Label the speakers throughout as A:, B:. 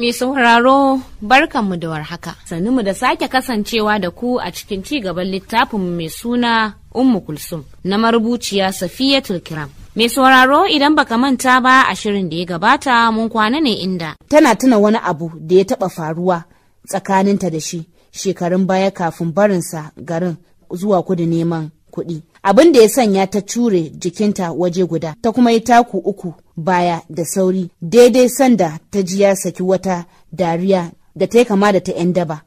A: Mai sauraro barkanmu da warhaka. Sannu mu da sake kasancewa da ku a cikin ci gaban littafin mai suna Ummu Kulsum na marubuciya Safiya Tulkiram. Mai sauraro idan baka manta ba a shirin da ya gabata mun kwana ne inda. Tana tuna wani abu da ya taba faruwa tsakaninta da shi shekarun baya kafin barinsa garin zuwa kudu neman kuɗi abin da ya sanya ta ture jikinta waje guda ta kuma yi taku uku baya da sauri daidai sanda ta ji ya saki wata dariya da ta yi kama da ta 'yan daba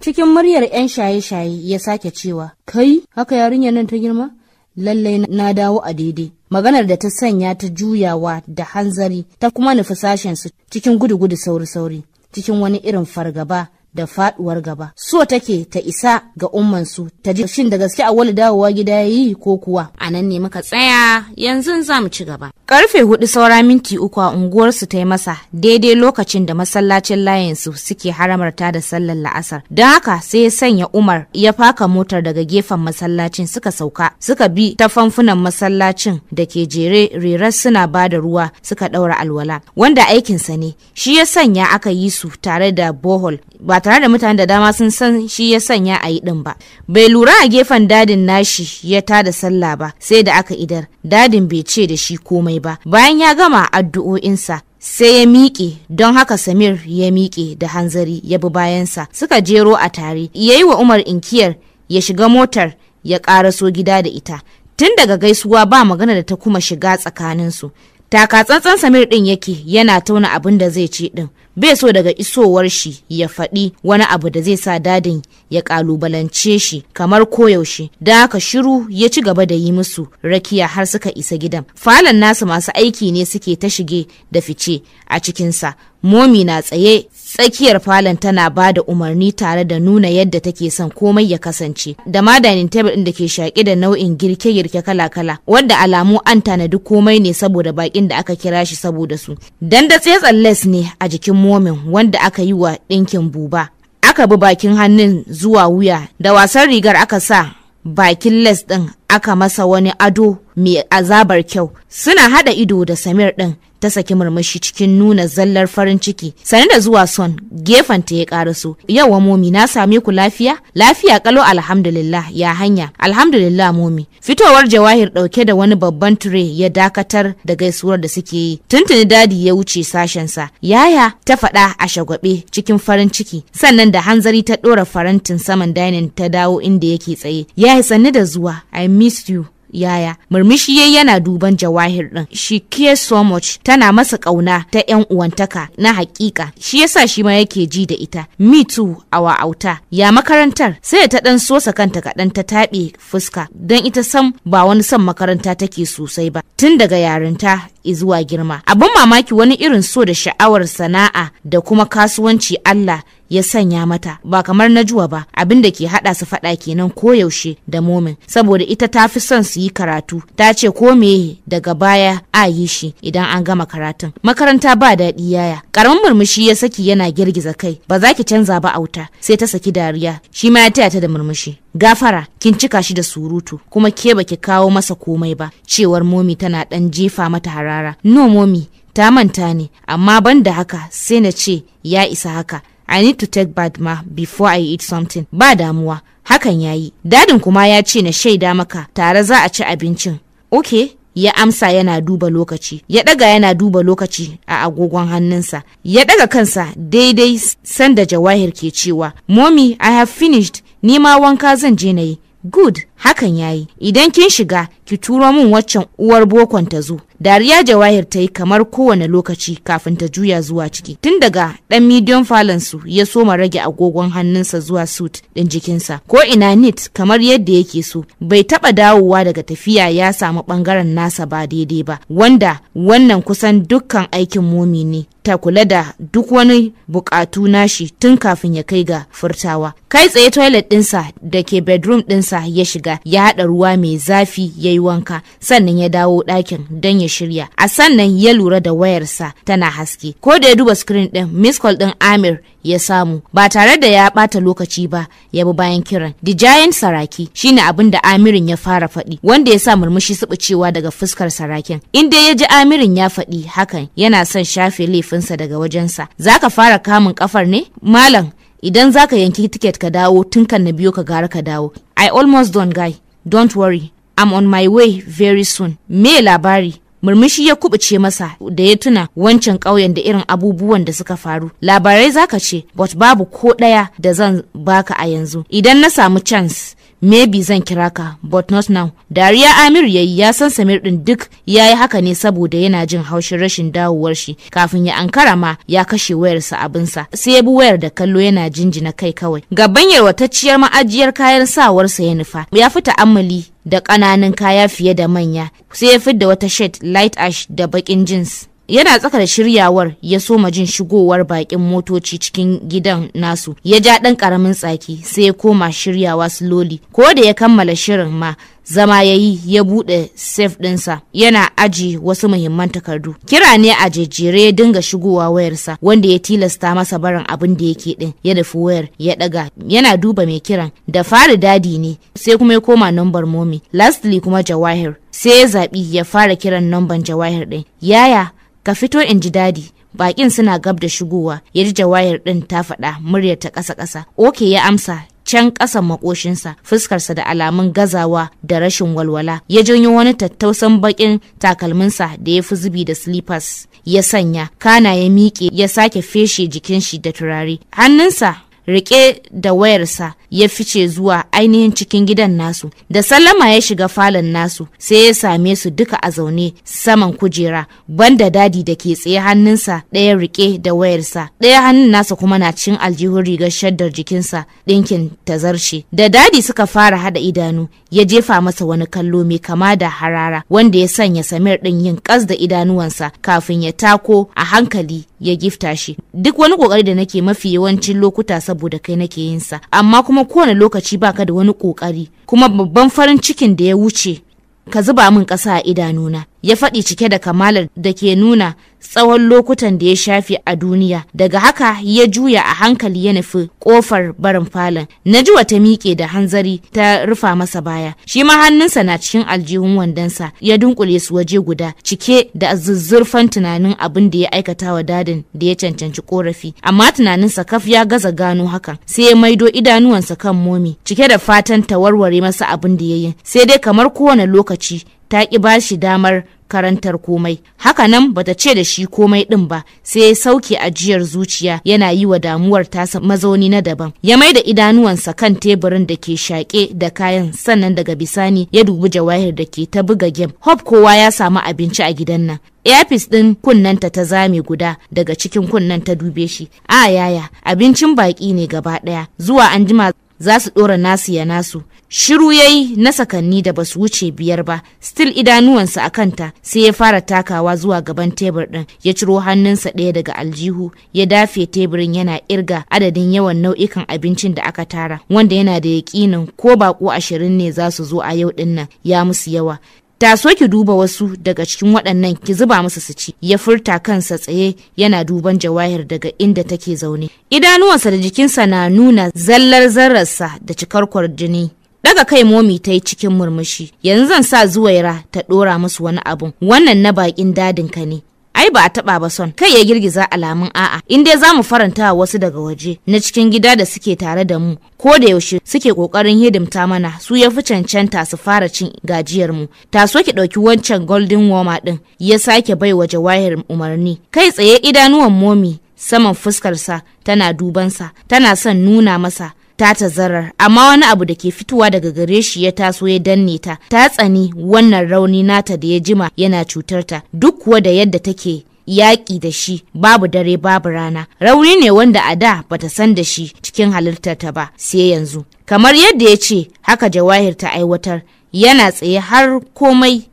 A: cikin muryar 'yan shaye-shaye ya sake cewa kai haka yarinyar nan ta girma lallai na dawo a daidai maganar da ta sanya ta juyawa da hanzari ta kuma nufi su cikin gudu-gudu sauri-sauri cikin wani irin fargaba da faduwar gaba so take ta isa ga ummansu ta ji shin da gaske a wani dawowa gida yi ko kuwa A nan ne muka tsaya yanzu za mu ci gaba Karfe hudu saura minti uku a unguwarsu ta yi masa daidai lokacin da masallacin layinsu suke haramarta da sallar la'asar. Don haka sai ya sanya Umar ya faka motar daga gefen masallacin suka sauka suka bi ta fanfunan masallacin da ke jere rirar suna ba da ruwa suka ɗaura alwala wanda aikinsa ne shi ya sanya aka yi su tare da bohol ba tare da mutane da dama sun san shi ya sanya a yi ɗin ba. Bai lura a gefen dadin nashi ya tada sallah ba sai da aka idar dadin bai ce da shi komai ba bayan ya gama addu'o'insa sai ya miƙe don haka samir ya miƙe da hanzari ya bi bayansa suka jero a tare ya yi wa umar inkiyar ya shiga motar ya ƙaraso gida da ita tun daga gaisuwa ba magana da ta kuma shiga tsakaninsu taka tsantsan samir ɗin yake yana tauna abin da zai ci ɗin bai so daga isowar shi ya faɗi wani abu da zai sa dadin ya kalubalance shi kamar koyaushe da haka shiru ya ci gaba da yi musu rakiya har suka isa gidan falon nasu masu aiki ne suke ta shige da fice a cikinsa momi na tsaye tsakiyar falon tana ba da umarni tare da nuna yadda take son komai ya kasance da ma dining table ɗin da ke shaƙe da nau'in girke-girke kala-kala wanda alamu an tanadi komai ne saboda baƙin da aka kira shi saboda su dan da tsetsen les ne a jikin momin wanda aka yi wa ɗinkin buba aka bi bakin hannun zuwa wuya da wasan rigar aka sa bakin les ɗin aka masa wani ado mai azabar kyau suna hada ido da samir ɗin ta saki murmushi cikin nuna zallar farin ciki sane da zuwa son gefen ta ya karaso yau momi na same ku lafiya lafiya kalo alhamdulillah ya hanya alhamdulillah momi fitowar jawahir dauke da wani babban ture ya dakatar da gaisuwar da suke yi tuntuni dadi ya wuce sashensa yaya ta faɗa a shagwabe cikin farin ciki sannan da hanzari ta ɗora farantin saman dainin ta dawo inda yake tsaye yayi sanni da zuwa i miss you yaya murmushi yayi yana duban jawahir din she cares so much tana masa kauna ta yan uwantaka na hakika shi yasa shi ma yake ji da ita me too awa auta ya makarantar sai ta dan sosa kanta kadan ta tabe fuska dan ita sam ba wani son makaranta take sosai ba tun daga yarinta zuwa girma abin mamaki wani irin so da sha'awar sana'a da kuma kasuwanci Allah ya sanya mata ba kamar na juwa ba abin da ke haɗa su faɗa kenan koyaushe da momin saboda ita ta fi son su yi karatu ta ce ko meye daga baya a yi shi idan an gama karatun makaranta ba daɗi yaya karamin murmushi ya saki yana girgiza kai ba za ki canza ba a wuta. sai ta saki dariya shi ma ya taya ta da murmushi gafara kin cika shi da surutu kuma ke baki kawo masa komai ba cewar momi tana ɗan jefa mata harara no momi ta manta ne amma ban da haka sai na ce ya isa haka I need to take bath ma before I eat something. Ba damuwa, hakan ya yi. Dadin kuma ya ce na shaida maka tare za a ci abincin. Okay, ya amsa yana duba lokaci ya daga yana duba lokaci a agogon hannunsa ya daga kansa daidai sanda jawahir ke cewa Mommy, i have finished ni wanka zan je na yi good hakan yayi idan kin shiga ki turo min waccan uwar bokon ta zo dariya jawahir ta yi kamar kowane lokaci kafin ta juya zuwa ciki tun daga dan medium su ya soma rage agogon hannunsa zuwa suit din jikinsa ko ina nit kamar yadda yake so bai taba dawowa daga tafiya ya samu bangaren nasa ba daidai ba wanda wannan kusan dukkan aikin momi ne ta kula da duk wani bukatu nashi tun kafin ya kai ga furtawa kai tsaye toilet dinsa da ke bedroom dinsa ya shiga ya haɗa ruwa mai zafi ya yi wanka sannan ya dawo ɗakin don ya shirya a sannan ya lura da wayarsa tana haske ko da ya duba screen din miss call din amir ya samu ba tare da ya ɓata lokaci ba ya bi bayan kiran the giant saraki shine abin da amirin ya fara faɗi wanda ya sa murmushi cewa daga fuskar sarakin in dai ya ji amirin ya faɗi hakan yana son shafe laifinsa daga wajensa zaka fara kamun kafar ne malam idan zaka yanki tiket ka dawo tun kan na biyo ka gara ka dawo i almost don't guy don't worry i'm on my way very soon me labari murmushi ya kubuce masa da ya tuna wancan ƙauyen da irin abubuwan da suka faru labarai zaka ce but babu ko ɗaya da zan baka a yanzu idan na samu chance maybe zan kira ka but not now dariya amir yayi ya san samir din duk yi haka ne saboda yana jin haushin rashin dawowar shi kafin ya ankara ma ya kashe wayarsa abinsa sai ya bi wayar da kallo yana jinjina kai kawai gaban yarwatacciyar ma'ajiyar kayan sawarsa ya nufa ya fi ta'ammali da ƙananan kaya fiye da manya sai ya fidda wata shirt light ash da baƙin jeans yana tsakar shiryawar ya soma jin shigowar bakin motoci cikin gidan nasu ya ja ɗan ƙaramin tsaki sai ya koma shiryawa slowly ko da ya kammala shirin ma zama ya yi ya buɗe sef ɗinsa yana aji wasu muhimman takardu kira ne a jejjere ya dinga shigowa wayarsa wanda ya tilasta masa barin abin da yake ɗin ya dafi wayar ya ɗaga yana duba mai kiran da fari dadi ne sai kuma ya koma nambar momi lastly kuma jawahir sai ya zaɓi ya fara kiran nambar jawahir ɗin yaya ka fito in ji dadi bakin suna gab da shigowa ya ji jawayar ɗin ta faɗa murya ta ƙasa-ƙasa oke ya amsa can ƙasan makoshinsa fuskarsa da alamun gazawa da rashin walwala ya janyo wani tattausan bakin takalminsa da ya fi zubi da slippers ya sanya kana ya miƙe ya sake feshe jikin shi da turare hannunsa rike da wayarsa ya fice zuwa ainihin cikin gidan nasu da sallama ya shiga falon nasu sai ya same su duka a zaune saman kujera banda dadi da ke tsaye hannunsa ɗaya rike da wayarsa ɗaya hannun nasa kuma na cin aljihun rigar shaddar jikinsa ɗinkin tazarce da dadi suka fara hada idanu ya jefa masa wani kallo mai kama da harara wanda ya sanya samir ɗin yin ƙas da idanuwansa kafin ya tako a hankali ya gifta shi duk wani kokari da nake mafi yawancin lokuta saboda kai nake yin sa amma kuma kowane lokaci baka da wani kokari kuma babban farin cikin da ya wuce ka zuba min kasa a idanuna ya faɗi cike da kamalar da ke nuna tsawon lokutan da ya shafe a duniya daga haka ya juya a hankali ya nufi ƙofar barin falon na ji ta miƙe da hanzari ta rufa masa baya shi ma hannunsa na cikin aljihun wandonsa ya dunkule su waje guda cike da zuzzurfan tunanin abin da ya aikata wa dadin da ya cancanci korafi amma tunaninsa kaf ya gaza gano hakan sai ya maido idanuwansa kan momi cike da fatan ta warware masa abin da ya yi sai dai kamar kowane lokaci ta ƙi ba shi damar karantar komai Haka hakanan bata ce da shi komai ɗin ba sai ya sauke ajiyar zuciya yana yi wa damuwar tasa mazauni na daban ya mai da idanuwansa kan teburin da ke shaƙe da kayan sannan daga bisani ya dubi jawahir da ke ta buga gem hop kowa ya samu abinci a gidan nan Earpiece ɗin kunnanta ta zame guda daga cikin kunnan ta dube shi. A yaya, abincin baƙi ne gaba ɗaya, zuwa anjima za su ɗora nasu ya nasu shiru yayi na sakanni da basu wuce biyar ba still idanuwansa a kanta sai ya fara takawa zuwa gaban tebur din ya ciro hannunsa ɗaya daga aljihu ya dafe teburin yana irga adadin yawan nau'ikan abincin da aka tara wanda yana da yaƙinin ko baƙo ashirin ne za su zo a yau dinnan ya musu yawa ta so ki duba wasu daga cikin waɗannan ki zuba musu su ci ya furta kansa tsaye yana duban jawahir daga inda take zaune idanuwansa da jikinsa na nuna zallar zararsa da cikar kwarjini Daga kai momi ta yi cikin murmushi, yanzu zan sa zuwaira ta ɗora musu wani abun, wannan na baƙin dadinka ne. Ai ba a taɓa ba son, kai ya girgiza alamun a'a, in dai za mu faranta wasu daga waje, na cikin gida da suke tare da mu, ko da yaushe suke ƙoƙarin hidimta mana, su ya fi cancanta su fara cin gajiyar mu. Taso ki ɗauki wancan golden warmer ɗin, ya sake bai wa jawahir umarni. Kai tsaye idanuwan momi saman fuskarsa tana dubansa, tana son nuna masa ta tazarar amma wani abu da ke fitowa daga gare shi ya taso ya danne ta ta tsani wannan rauni nata da ya jima yana cutar ta duk kuwa da yadda take yaƙi da shi babu dare babu rana rauni ne wanda a da bata san da shi cikin ta ba sai yanzu kamar yadda ya ce haka jawahir ta aiwatar yana tsaye har komai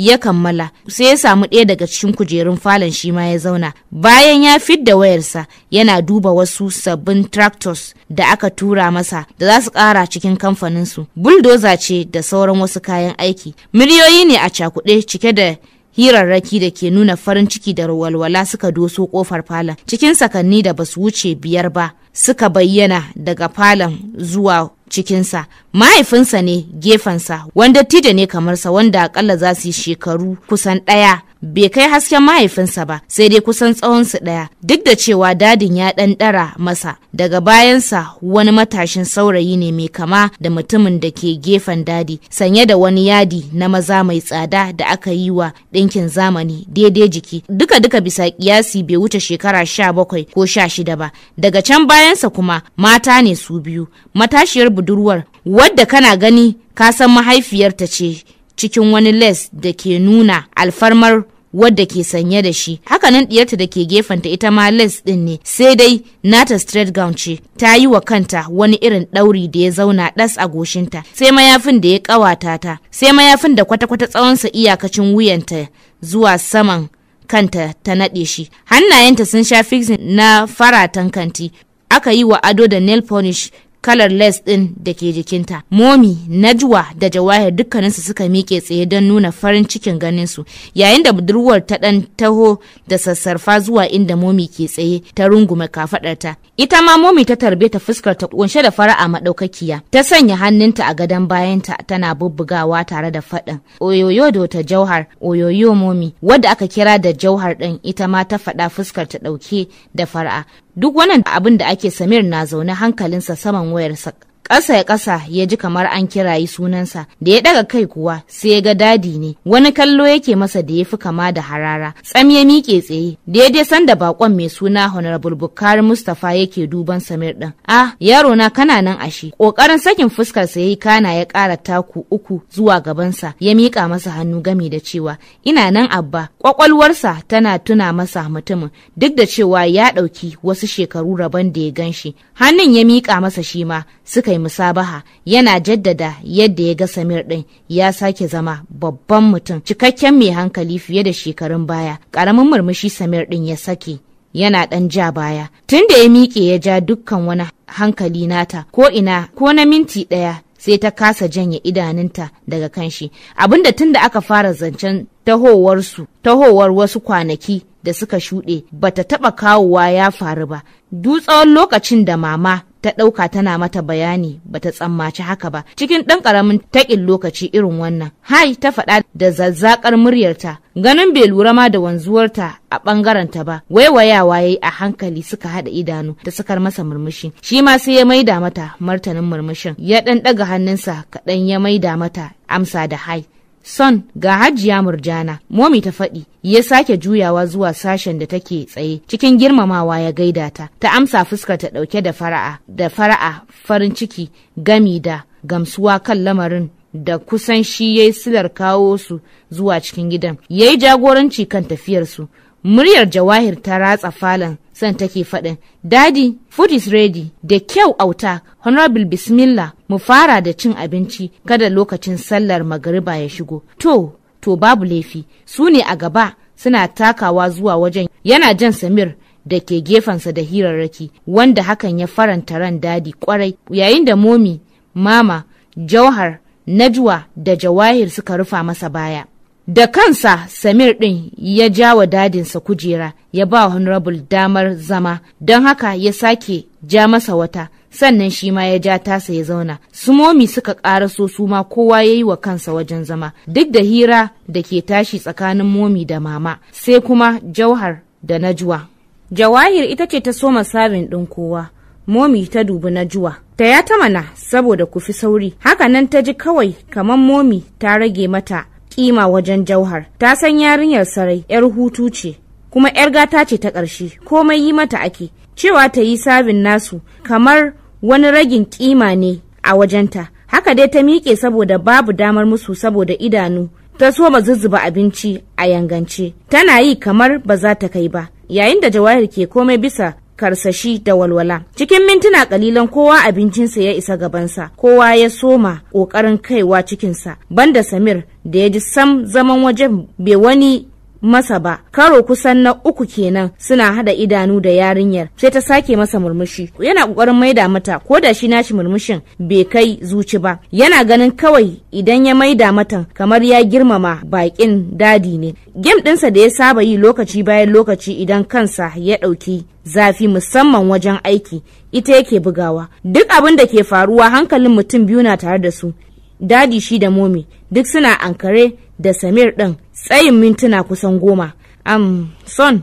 A: ya kammala sai ya samu ɗaya daga cikin kujerun falon shi ma ya zauna bayan ya fidda wayarsa yana duba wasu sabbin tractors da aka tura masa da za su ƙara cikin kamfaninsu bulldozer ce da sauran wasu kayan aiki miliyoyi ne a cakuɗe cike da hirarraki da ke nuna farin ciki da walwala suka doso ƙofar falon cikin sakanni da basu wuce biyar ba suka bayyana daga falon zuwa cikinsa mahaifinsa ne gefensa wanda tijo ne kamarsa wanda akalla za su yi shekaru kusan ɗaya bai kai hasken mahaifinsa ba sai dai kusan tsawonsu ɗaya duk da cewa dadin ya ɗanɗara masa daga bayansa wani matashin saurayi ne mai kama da mutumin da ke gefen dadi sanye da wani yadi na maza mai tsada da aka yi wa ɗinkin zamani daidai jiki duka duka bisa kiyasi bai wuce shekara sha bakwai ko sha shida ba daga can bayansa kuma mata ne su biyu matashiyar budurwar wadda kana gani ka san mahaifiyarta ce cikin wani les da ke nuna alfarmar wadda ke sanye da shi hakanan diyarta da ke gefanta ita ma les din ne sai dai nata straight gown ce ta yi wa kanta wani irin ɗauri da ya zauna ɗas a goshinta sai mayafin da ya kawata ta sai mayafin da kwata-kwata tsawonsa iyakacin wuyanta zuwa saman kanta ta nade shi hannayenta sun sha fixin na faratan kanti aka yi wa ado da nail polish kalar les ɗin da ke jikinta. Momi, Najwa da Jawahir dukkaninsu suka miƙe tsaye don nuna farin cikin ganinsu, yayin da budurwar ta ɗan taho da sassarfa zuwa inda Momi ke tsaye ta rungume kafaɗarta. Ita ma Momi ta tarbe ta fuskar ta kunshe da fara'a maɗaukakiya, ta sanya hannunta a gadon bayanta tana bubbugawa tare da faɗin. Oyoyo do ta Jauhar, oyoyo Momi, wadda aka kira da Jauhar ɗin ita ma ta faɗa fuskar ta ɗauke da fara'a. duk wannan abin da ake samir na zaune hankalinsa saman wayarsa ƙasa ya ƙasa ya ji kamar an kirayi sunansa da ya ɗaga kai kuwa sai ya ga dadi ne wani kallo yake masa da ya fi kama da harara tsam ya miƙe tsaye daidai sanda baƙon mai suna honorable bukari mustapha yake duban samir ɗin ah yaro na kana nan ashe ƙoƙarin sakin fuskar sa yayi kana ya ƙara taku uku zuwa gabansa ya miƙa masa hannu gami da cewa ina nan abba ƙwaƙwalwarsa tana tuna masa mutumin duk da cewa ya ɗauki wasu shekaru rabon da ya ganshi. hannun ya miƙa masa shi ma suka yi musabaha yana jaddada yadda ya ga samir ɗin ya sake zama babban mutum cikakken mai hankali fiye da shekarun baya ƙaramin murmushi samir ɗin ya sake yana ɗan ja baya tun da ya miƙe ya ja dukkan wani hankali nata ko ina ko na minti ɗaya sai ta kasa janya idanunta daga kanshi abinda tun da aka fara zancen tahowarsu tahowar wasu kwanaki da suka shuɗe bata taɓa kawowa ya faru ba duk tsawon lokacin da mama ta ɗauka tana mata bayani ba ta tsammaci haka ba cikin ɗan ƙaramin taƙin lokaci irin wannan hai ta faɗa da zazzaƙar muryarta ganin bai lura ma da wanzuwarta a ɓangarenta ba waiwayawa yayi a hankali suka haɗa idanu ta sakar masa murmushi shi ma sai ya maida mata martanin murmushin ya ɗan ɗaga hannunsa kaɗan ya maida mata amsa da hai son ga hajiya murjana momi ta faɗi ya sake juyawa zuwa sashen da take tsaye cikin girmamawa ya gaida ta ta amsa fuska ta ɗauke da fara'a da fara'a farin ciki gami da gamsuwa kan lamarin da kusan shi ya silar kawo su zuwa cikin gidan ya yi jagoranci kan tafiyarsu Muryar Jawahir ta ratsa falon san take faɗin, Dadi, food is ready, da kyau auta, Honorable Bismillah, mu fara da cin abinci kada lokacin sallar magariba ya shigo. To, to babu laifi, su ne a gaba suna takawa zuwa wajen yana jan Samir da ke gefensa da hirarraki, wanda hakan ya faranta ran dadi kwarai, yayin da momi, mama, jauhar, najwa da jawahir suka rufa masa baya. da kansa samir ɗin ya ja wa dadinsa kujera ya ba honorable damar zama don haka ya sake ja masa wata sannan shi ma ya ja tasa ya zauna su momi suka ƙaraso su ma kowa ya yi wa kansa wajen zama duk da hira da ke tashi tsakanin momi da mama sai kuma jauhar da najuwa jawahir ita ce ta soma sabin ɗin kowa momi ta dubi najuwa ta ya ta mana saboda ku fi sauri nan ta ji kawai kamar momi ta rage mata kima wajen jauhar ta san yarinyar sarai yar hutu ce kuma yar gata ce ta ƙarshe komai yi mata ake cewa ta yi sabin nasu kamar wani ragin kima ne a wajenta haka dai ta miƙe saboda babu damar musu saboda idanu ta so ba zuzzuba abinci a yangance tana yi kamar ba za ta kai ba yayin da jawahir ke komai bisa karsashi da walwala cikin mintuna kalilan kowa abincinsa ya isa gabansa kowa ya soma ƙoƙarin kaiwa cikinsa banda samir da ya ji sam zaman wajen bai wani masa ba karo kusan na uku kenan suna hada idanu da yarinyar sai ta sake masa murmushi yana kokarin maida mata ko da shi nashi murmushin bai kai zuci ba yana ganin kawai idan ya maida mata kamar ya girmama bakin dadi ne gem dinsa da ya saba yi lokaci bayan lokaci idan kansa ya dauki zafi musamman wajen aiki ita yake bugawa duk abin da ke faruwa hankalin mutum biyu na tare da su dadi shi da momi duk suna ankare da samir din. tsayin mintuna kusan goma am son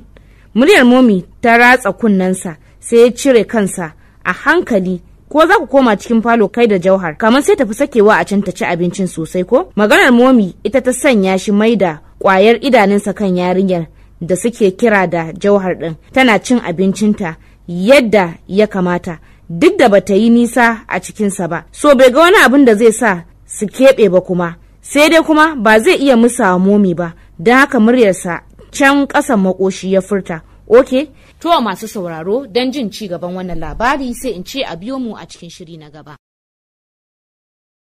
A: muryar momi ta ratsa kunnensa sai ya cire kansa a hankali ko za ku koma cikin falo kai da jauhar kamar sai tafi sakewa a can ta ci abincin sosai ko maganar momi ita ta sanya shi mai da kwayar idanunsa kan yarinyar da suke kira da jauhar ɗin, tana cin abincinta yadda ya kamata duk da bata yi nisa a cikinsa ba so bai ga wani abin da zai sa su keɓe ba kuma sai dai kuma ba zai iya musa momi ba don haka muryarsa can ƙasan makoshi ya furta ok to masu sauraro don jin ci gaban wannan labari sai in ce a biyo mu a cikin shiri na gaba